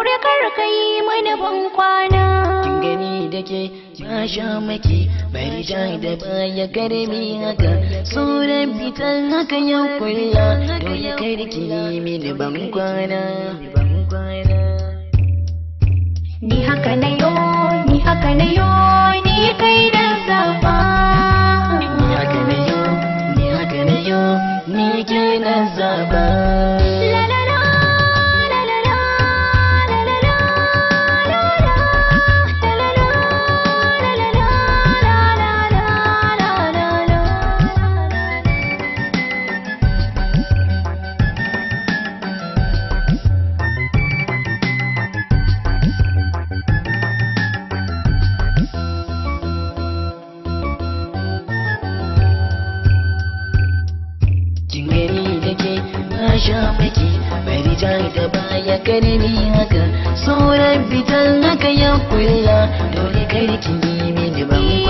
aure kar ka yi mani ban kwana gani da ke na sha maki bari ja da baya garbi haka sauran fitan haka ya kulla dole kar ki yi mini ban kwana ni haka na sha fiki bari jari da baya karni haka sauran fitan haka ya kula dole karki yi mini ban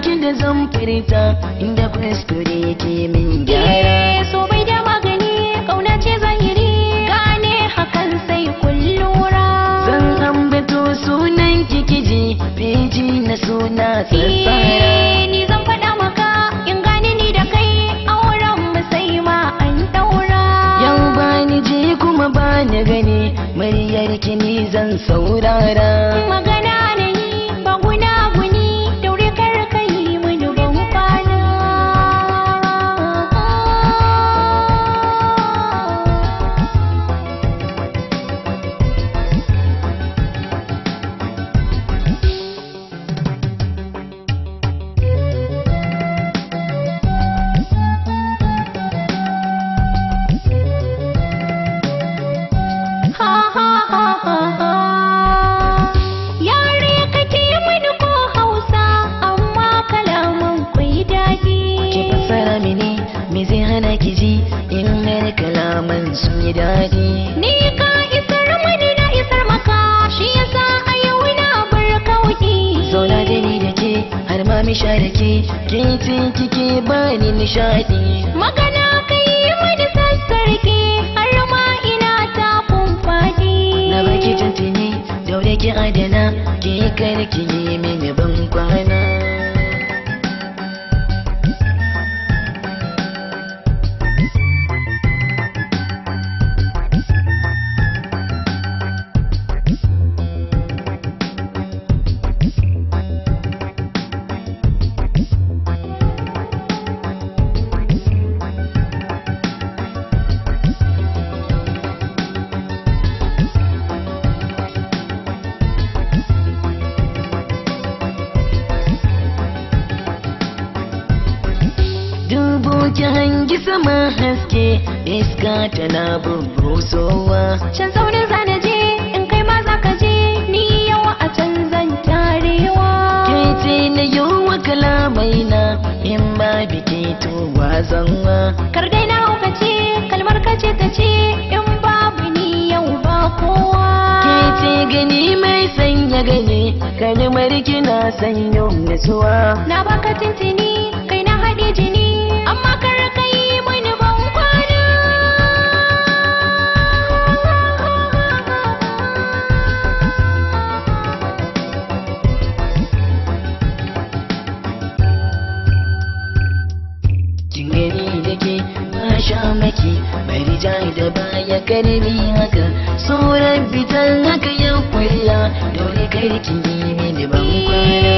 mafarkin da zan furta inda kuskure yake min gyara so bai da magani kauna ce zahiri gane hakan sai kullura zan ambato sunan kikiji feji na suna tsatsara ni zan faɗa maka in gane ni da kai auren mu sai ma an daura yau bani ji kuma bani gani maryar ki ni zan saurara magana me hana ki ji in har kalaman sun yi daɗi ni ka isar mani na isar maka shi yasa a yau na bar kauki zauna da ni da ke har ma mi sha da ke kinti kike ba ni nishaɗi magana kai mani sassarki har ma ina ta kumfadi na baki tuntuni daure ki adana ki kar ki yi mini ban kwana dubo hangi sama haske iska tana bubbusowa Can saurin zane je in kai ma za ka je ni yawa a can zan tarewa ke ce na yawa kalamai na in ma biki to wazan wa kar dai na ce, kalmar kace ta ce in babu ni yau ba kowa ke gani mai sanya gani kalmar kina sanyo nasuwa na baka tintini kai na haɗe jini muke masha maki bari jai da baya karbi haka sauran bitan haka yau kulla dole kai rikin yi mini ban